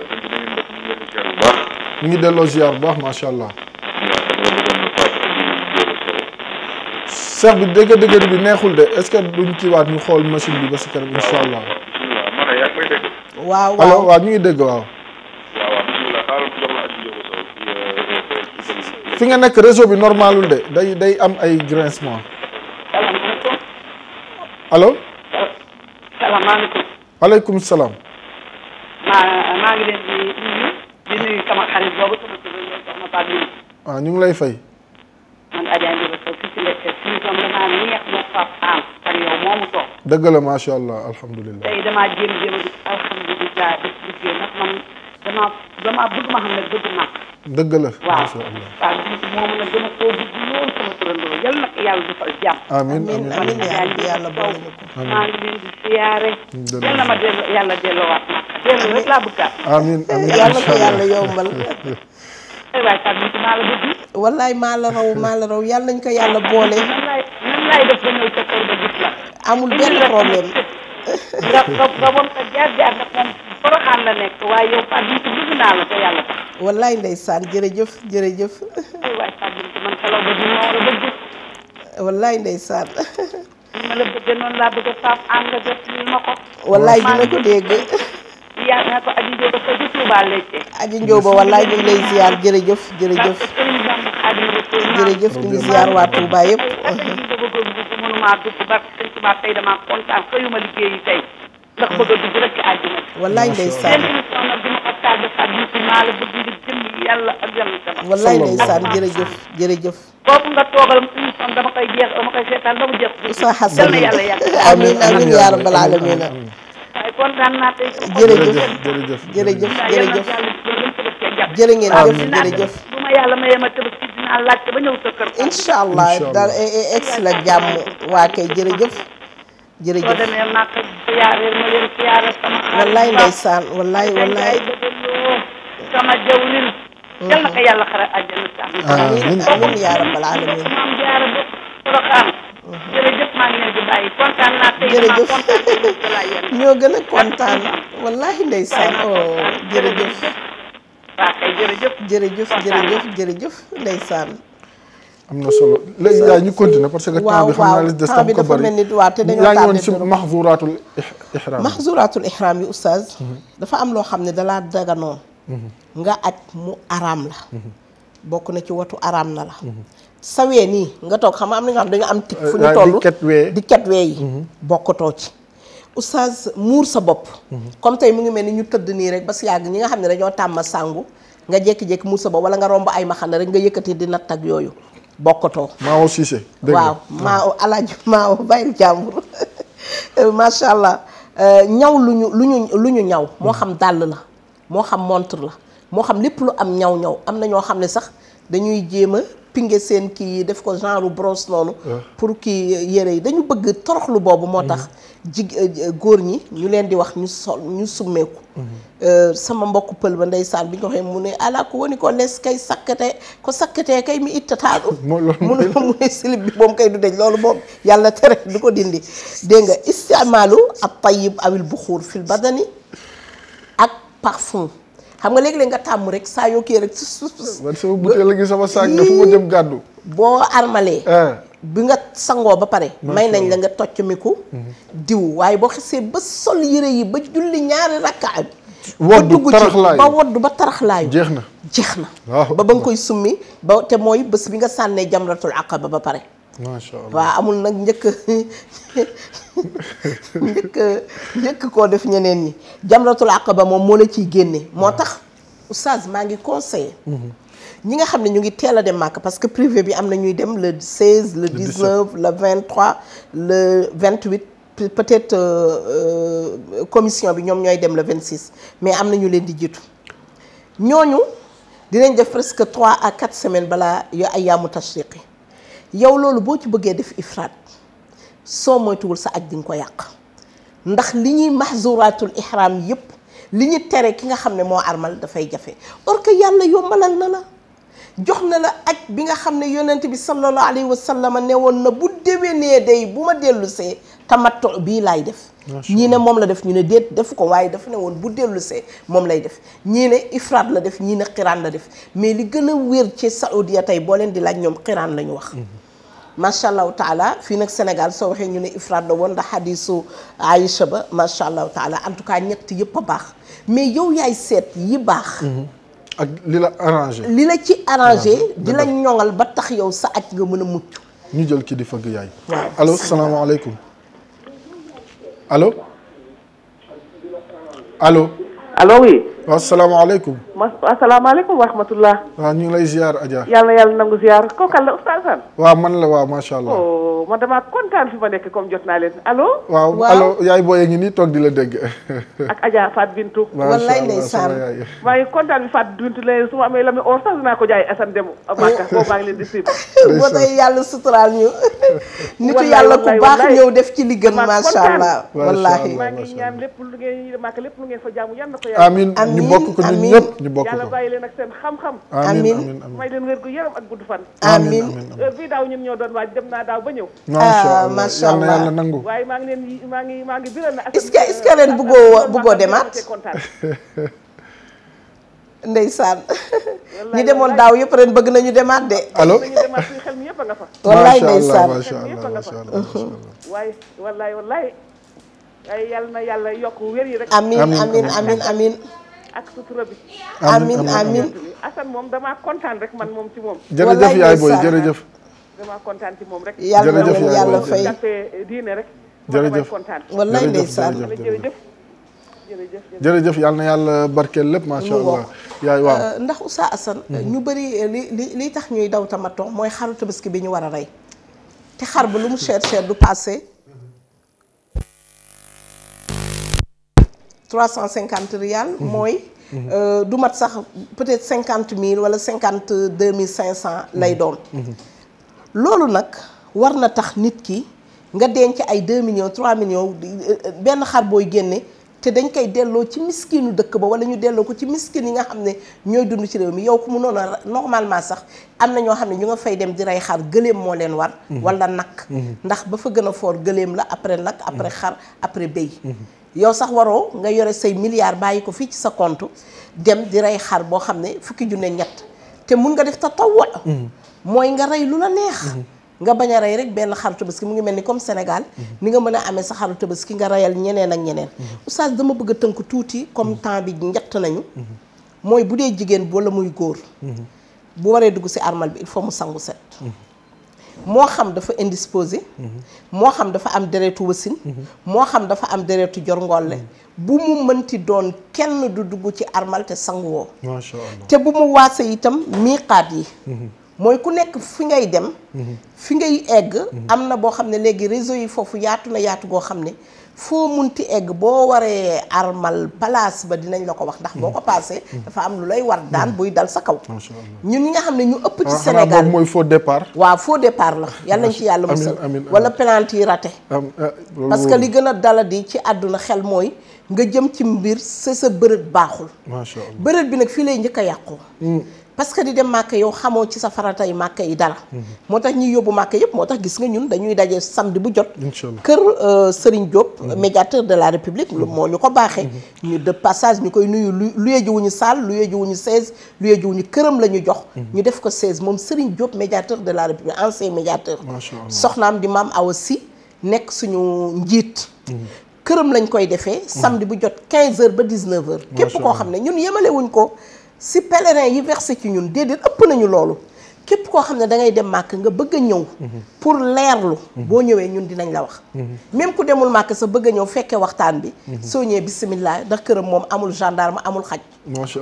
ñu ngi delloo ziar bu baax macha allah. bi dégg dégg bi neexul de est-ce que duñ ci ñu xool machine bi ba si kanam incha allah. waaw waaw allo waaw ñu ngi waaw. fi nga nekk réseau bi normalul de day day am ay grincement allo. salaamaaleykum. waaleykum salaam. maa ah, maa ngi leen di nuyu di xarit boobu sama tur beeg sama baag yi. ñu ngi lay fay. man Adja Ndiaye ba fii ci Ndefleng fii moom damaa neex moo ko am ak yow moomu toog. dëgg la macha allah alhamdulilah. tey damaa jéem jéem a alhamdulilah gis liggéey nag damaa bëgg ma xam ne bëgg naa ko. dëgg la. macha allah waaw moom nag dama koo bëgg lool sama turandoo yal yàlla boole ko yal na ma yàlla delloowaat ma. delloo amul benn problème. (laughs) nga poroxaan la nekk waaye yow Fatou Bintou bëgg naa la ko yàlla ba wallaay ndeysaan. ni ma la bëggee noonu sa ji Touba Lecce. Adji Ndioba wallaay ñu ngi lay ziar jërëjëf jërëjëf. jërëjëf ngi ziar waa Touba yëpp. parce que sëñ bi dafa bëgg mënu maa dugg ba tey. ndax bëgg a dugg rek ci àjjuma bi. wallaay ndeysaan seen émission nag dama jërëjëf jërëjëf. kooku nga toogal émission dama koy jeex jëf jërëjëf jërëjëf soo demee màkk siyaare ma leen siyaare sama wallaay ndeysaan wallaay wallaay sama jawlin mm-hmm. yal na ko yàlla xaral àjjana sax amiin amiin yaa rabbal alamin maam jaara ba poroxaan mm-hmm. jërëjëf maa ngi leen di bàyyi kontaan naa tey jërëjëf ñoo gën a kontaan wallaahi ndeysaan oh jërëjëf waaw kay jërëjëf jërëjëf jërëjëf jërëjëf ndeysaan am na solo léegi yaay ñu continuer parce que temps bi xam naa li des temps bi dafa mel ni waaw mhm. dafa am loo xam ne dalaa daganoon mhm. nga aj mu araam la mhm. bokk na ci watu araam na la sawee nii nga toog xam am na nga xam dañu am tig euh, fu ñu toll di ket wee yi bokkatoo ci oustaz muur sa bopp comme tey mu ngi mel ni ñu tëdd nii rek ba si yàgg ñi nga xam ne dañoo tàmm sangu nga jékki-jékki muur sa bopp wala nga romb ay maxana rek nga yëkkati dina tag yooyu bokkatoo. Maawo Cissé. dégg waaw Maawo Alaaji Maawo bàyyil jàmbur (laughs) macha allah euh, ñaw lu ñu lu ñu lu ñu ñaw. moo xam dàll la moo xam montre la moo xam lépp lu am ñaw-ñaw am na ñoo xam ne sax dañuy jéem a pinge seen kii yi def ko genre brosse noonu. pour kii yére yi dañu bëgg toroxlu boobu. moo tax ji euh, euh, góor ñi ñu leen di wax ñu sol ñu summeeku. Mhm. Euh, sama mbokku pël ba ndeysaan bi ñu waxee mu ne ala ko ko les kay sakkate ko sakkatee kay mi it tataalu. (laughs) mooy loolu mu ne silib bi moom kay du deñ loolu moom yàlla tere du ko dindi. dégg nga isticmaalu ab tayyib awil buxuur fil badani ak parfum. xam nga léegi-léeg nga tàmm rek saa yoo kii rek sus sus man sama butéel a ngi sama saak dafa ma jëm gàddu boo armalee ah. bi nga sangoo ba pare may nañ la nga tocc miku mhm. diw waaye boo xesee ba sol yére yi ba julli ñaari rakka bi ba dugg ci ba woddu ba taraxlaayu jeex na jeex na ba ba nga koy summi ba te mooy bés bi nga sànnee jamratul aqaba ba pare macha allah amul nag njëkk (laughs) njëkk njëkk koo def ñeneen ñi jamratul ba moom moo la ciy génne moo tax oustaz maa ngi conseillé mhm. ñi nga xam ne ñu ngi teel a dem màkk parce que privé bi am na ñuy dem le 16 le 19 le 23 le 28 peut-être euh, euh, commission bi ñoom ñooy dem le 26 mais am na ñu leen di jiitu ñooñu dinañ def presque trois à 4 semaine balaa yu ay yaamu tashriq yow loolu boo ci bëggee def ifraat soo moytuwul sa aj di nga ko yàq ndax li ñuy mahzuratul ihram yépp li ñu tere ki nga xam ne moo armal dafay jafe or que yàlla yombalal na la jox na la aj bi nga xam ne yonent bi sallallahu alayhi wa sallam ne woon na bu déwénee day bu ma dellu see tamattu bii laay def ñii ne moom la def ñu ne déet defu ko waaye dafa ne woon bu dellu see moom lay def ñii ne ifraat la def ñii ne xiraan la def mais li gën a wér ci saoudia tey boo leen di laaj ñoom xiraan la ñu wax mm-hmm. macha allah taala fii nag Sénégal soo waxee ñu ne ifraat la woon ndax xadisu Aïcha ba macha allah taala en tout cas ñett yëpp a baax mais yow yaay seet yi baax. Mm-hmm. ak li la arrangé. li la ci arrangé di la ñoŋal ba tax yow sa aj nga mën a mucc. ñu jël ki di fëgg yaay. waaw allo salaamaaleykum allo. waaw salaamaaleykum. ma asalaamaaleykum wa rahmatullah. waaw ñu ngi lay ziar Adja. yàlla yàlla nangu ziar kooku kan la man la waaw macha allah. oh man kontaan fi ma nekk comme jot naa leen allo. waaw allo yaay booyee ngi nii toog di la dégg. (laughs) ak Adja Fatou Bintou. wallaay ndeysaan maa ngi kontaan bi Fatou Bintou léegi su ma amee la mi or sax dinaa ko jaay Assane Deme. (laughs) Màkka boobu maa ngi leen di suivre. ba tey yàlla suturaal ñu. (laughs) nitu yàlla ku def ci li gën macha allah. wallaahi maa ngi jaamu yàlla na ko yàlla. amiin ñu bokk ko ñun ñëpp ñu bokk ko yàlla bàyyi leen ak seen xam-xam amiin amiin may leen wér gu ak gudd fan bii daaw ñun ñoo doon waaj dem naa daaw ba ñëw macha ah, allah yàlla nangu waaye maa ngi leen maa ngi maa ngi biral na est-ce que est-ce que ren bëggoo bëggoo demaat (laughs) ndeysaan (laughs) ñi demoon daaw yëpp ren bëgg nañu demaat de allo ñu demaat suñu xel mi a nga waaye (laughs) wallaay na yàlla yokk wér yi rek amin amin amin ak sutura bi. moom damaa kontaan rek man moom ci moom. jërëjëf yaay booy jërëjëf. damaa kontaan ci moom rek. yàlla na leen yàlla fay eh, diine rek. jërëjëf wallaay ndeysaan jërëjëf jërëjëf yàlla na yàlla barkeel lépp macha allah yaay euh, ndax Oustaz Assane mhm. ñu bëri eh, li li li tax ñuy daw tamaton mooy xaru tabaski bi ñu war a rey te xar ba lu mu cher cher du passé 350 riyal mhm. mooy mhm. Euh, du mat sax peut-être cinquante mille wala cinquante deux mille cinq cent mhm. lay doon loolu nag war na tax nit ki nga denc ay deux millions trois millions euh, euh, benn xar booy génne te dañ koy delloo ci miskinu dëkk ba wala ñu delloo ko ci miskin yi nga xam ne ñooy dund ci réew mi yow ku mu noonu normalement sax am na ñoo xam ne ñu nga fay dem di rey xar gëléem moo leen war wala nag ndax ba fa gën a foor gëléem la après nag après xar après béy yow sax waroo nga yore say milliards bàyyi ko fii ci sa compte dem di rey xar boo xam ne fukki junne ñett te mun nga def ta taw wa mhm. mooy nga rey lu la neex mhm. nga bañ a rey rek benn xaru tabaski mu ngi mel ni comme Sénégal mhm. ni nga mën a amee sa xaru tabaski nga reyal ñeneen ak ñeneen oustaz dama bëgg a tënk tuuti comme temps bi njett nañu mooy bu dee jigéen boo la muy góor bu waree dugg si armal bi il faut mu sangu set moo xam dafa indisposé mhm. moo xam dafa am deretu wasin mhm. moo xam dafa am deretu jorngolle mhm. bu mu mënti doon kenn du dugg ci armal te sanguwoo macha te bu mu waase itam miiqaat yi mooy ku nekk fi ngay dem fi ngay egg am na boo xam ne léegi réseau yi foofu yaatu na yaatu goo xam ne foo ti egg boo waree armal place ba dinañ la ko wax ndax boo ko mm-hmm. paasee. Mm-hmm. dafa am lu lay war daan mm-hmm. buy dal sa kaw. ñun ñi nga xam ne ñu ëpp ci ah, Sénégal mooy faux départ. waaw faux départ la yal nañ ci yàlla musal wala penalty raté. Eh, parce que li gën a daladi ci àdduna xel mooy nga jëm ci mbir sa sa bërët baaxul. macha bërët bi nag fii lay njëkk a yàqoo. Mm. parce que di dem màkk yow xamoo ci sa faratay màkk yi dara. Mhm. moo tax ñuy yóbbu màkk yëpp moo tax gis nga ñun dañuy daje samedi bu jot. kër Serigne Diop. médiateur de la République. moo ñu ko baaxee. de passage ñu koy nuyu lu luyee jiwuñu salle luyee jiwuñu 16 luyee jiwuñu këram la ñu jox. ñu def ko 16 moom Serigne jot médiateur de la République ancien médiateur. soxnaam di maam Awa Sy nekk suñu njiit. Mhm. këram lañ koy defee. samedi bu jot 15h ba 19h. képp koo xam ne ñun yemalewuñ ko. si pèlerin yi versé ci ñun déedéet ëpp nañu loolu képp koo xam ne da dem màkk nga bëgg a ñëw mhm. pour leerlu mhm. boo ñëwee ñun dinañ la wax mhm. même ku demul màkk sa bëgg ñëw fekkee waxtaan bi soo ñëwee bisimilah ndax këram moom amul gendarme amul xaj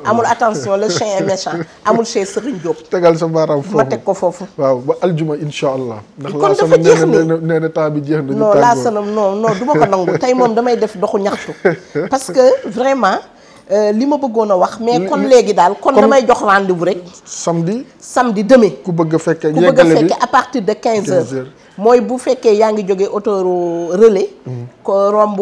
amul attention le chien est méchant (laughs) amul chez Serigne Diop tegal sa baaraam foofu ma teg ko foofu waaw ba aljuma insha allah ndax kon dafa jeex ni nee na temps bi jeex na non laa sanam non ko nangu tey moom damay def doxu ñaxtu (laughs) parce que vraiment Euh, li ma bëggoon a wax mais kon léegi daal kon damay jox rendez bu rek samedi samedi demain ku bëgg a fekke ku bëgg a fekke à partir de quinze heures mooy bu fekkee yaa ngi jógee autoroute relais mhm. ko romb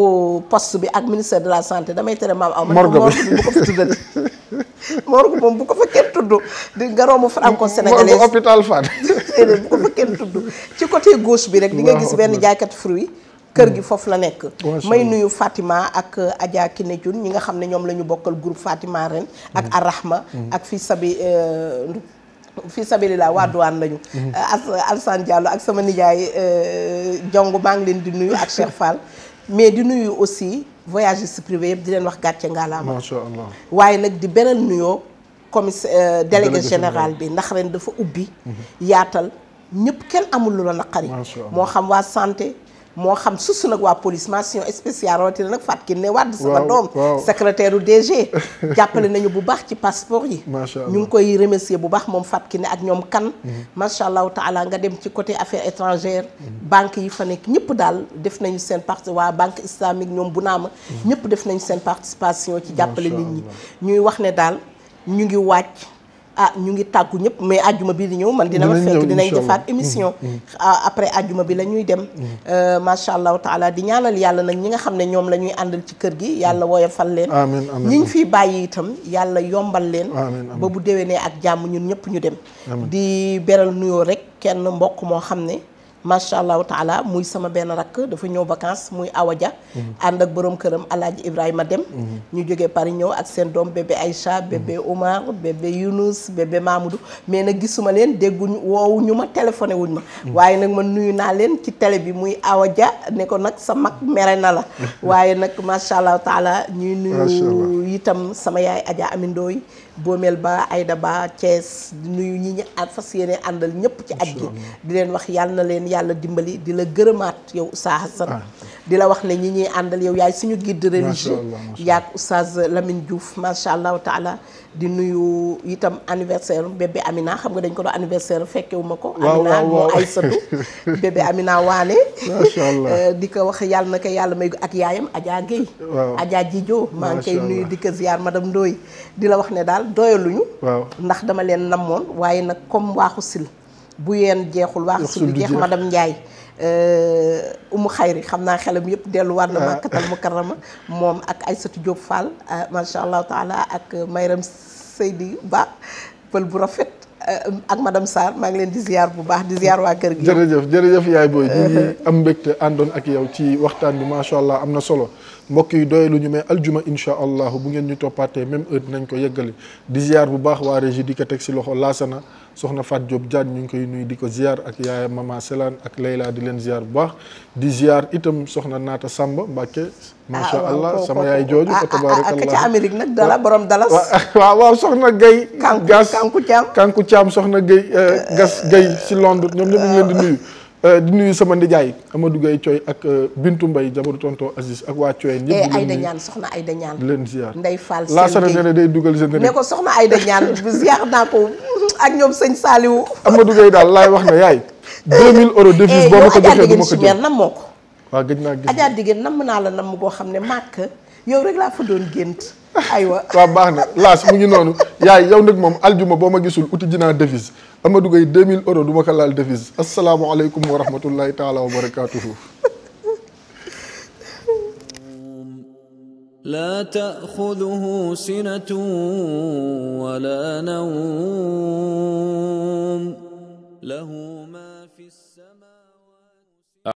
poste bi ak ministère de la santé damay tere maam am morgue bu ko (laughs) moom bu ko fa kenn tudd di nga romb franco sénégalais morgue hôpital Fann (laughs) bu ko fa kenn tudd ci côté gos bi rek li nga gis benn jaaykat fruit kër gi mm. foofu la nekk may nuyu Fatima ak uh, Adja Kiné Diouf ñi nga xam ne ñoom la ñu bokkal groupe Fatima ren mm. ak Arrahma mm. ak fii sabi uh, fii sabilillah waa douane lañu uh, as Alsane Diallo ak sama nijaay jong maa ngi leen di nuyu ak Cheikh mais di nuyu aussi voyagiste privé yëpp di leen wax gàcce ngaalaama macha allah waaye nag di beneen nuyoo commissaire délégué général bi ndax ren dafa ubbi mm-hmm. yaatal ñëpp kenn amul lu la naqari moo xam waa santé moo xam susu nag waa police mention spéciale rawatina nag Fatou Kiné Wade sama doom secrétaire u (laughs) jàppale nañu bu baax ci passeport yi ñu ngi koy remercier bu baax moom Fatou Kiné ak ñoom kan mm-hmm. macha allahu taala nga dem ci côté affaires étrangères mm-hmm. banque yi fa nekk ñëpp daal def nañu seen parti waa banque islamique ñoom bu naama mm-hmm. ñëpp def nañu seen participation ci jàppale nit ñi ñuy wax ne daal ñu ngi wàcc ah ñu ngi tàggu ñëpp mais àjjuma bi di ñëw man dina ma fekk dinañ émission mm, mm, mm. Ah, après àjjuma bi la ñuy dem euh, macha allahu taala di ñaanal yàlla nag ñi nga xam ne ñoom la ñuy àndal ci kër gi yàlla woyofal leen ñiñ fiy bàyyi itam yàlla yombal leen ba bu ne ak jàmm ñun ñëpp ñu dem di beral nuyoo rek kenn mbokk moo xam ne macha allah taala muy sama benn rakk dafa ñëw vacances muy ja mhm. ànd ak borom këram alaaji ibrahima dem mhm. ñu jóge pare ñëw ak seen doom bébé Aïcha mhm. bébé Omar bébé Younous bébé Mamoudou mais nag gisuma leen dégguñu woowu ñu ma téléphoné wuñ ma waaye nag man nuyu naa leen ci télé bi muy awaja ne ko nag sa mag mere na la (laughs) waaye nag macha allah taala ñuy nuyu itam sama yaay aja amindooy boomeel Ba Ayda Ba Thiès nuyu ñi ñu a fas yéene àndal ñëpp ci aj gi di leen wax yàlla na leen yàlla dimbali di la gërëmaat yow Oustaz Assane ah. di la wax ne ñi ñuy àndal yow yaay suñu guide religieux yaag Oustaz Lamine Diouf macha allah taala di nuyu itam anniversaire bébé Amina xam nga dañ ko doon anniversaire fekkewu ma ko. Amina moo ay sëtu (laughs) bébé Amina waane. macha (laughs) eh, di ko wax yàlla na ko yàlla may ak yaayam Adja Guèye. waaw Adja Djidio maa ngi koy nuyu di ko ma madame Ndoye di la wax ne daal dooyaluñu ndax dama leen namoon waaye nag comme waaxu sil bu yeen jeexul waaxu sil jeex madame Ndiaye. Euh, umu xayri xam naa xelam yëpp delluwaat na Makkatal ah. Mukarrama moom ak Aysatu Diop Fall euh, macha allah taala ak Mayram Seydi Ba pël bu rafet euh, ak madame Sarr maa ngi leen di ziar bu baax di ziar waa kër gi. jërëjëf jërëjëf yaay booy ñu ngi (laughs) am mbégte àndoon ak yow ci waxtaan bi macha allah am na solo mbokk yi doyelu ñu mais aljuma incha allah bu ngeen ñu toppaatee même heure dinañ ko yeggali di ziar bu baax waa régie di ko teg si loxo laasana. soxna Faat Diop Diagne ñu ngi koy nuyu di ko ziar ak ma mama Selaan ak Layla di leen ziar bu baax di ziar itam soxna Naata Samba Mbàkke ah, macha allah sama yaay jooju ah, fa tabaarakallah ah, ak ca Amérique nag dala borom Dallas (laughs) waaw soxna Guèye gas Kanku Thiam Kanku Thiam euh, gas Guèye si Londres ñoom leen di euh, nuyu Euh, di nuyu sama nijaay Amadou duggee cooy ak euh, Bintu Mbay jabaru tonton Aziz ak waa Coy ñëpp eh, Ayda Ñaan soxna Ayda Ñaan leen ziar Ndey Fall laasara nee na day dugal seen ne ko soxna Ayda Ñaan (laughs) ziar naa ko ak ñoom sëñ am ma Gueye daal laay wax na yaay 2000 euros eh, devise boo ma ko joxee du ma ko jox nam moo ko waaw gëj naa gis Adja Digeen namm naa la namm goo xam ne màkk yow rek laa fa doon gént aywa (laughs) baax na laas mu ngi noonu yaay yow nag moom aljuma boo ma gisul uti dinaa devise Amadou Gueye 2000 euros du ma ko laal devise asalaamualeykum wa rahmatullahi taala wa barakaatuhu. لا تأخذه سنة ولا نوم له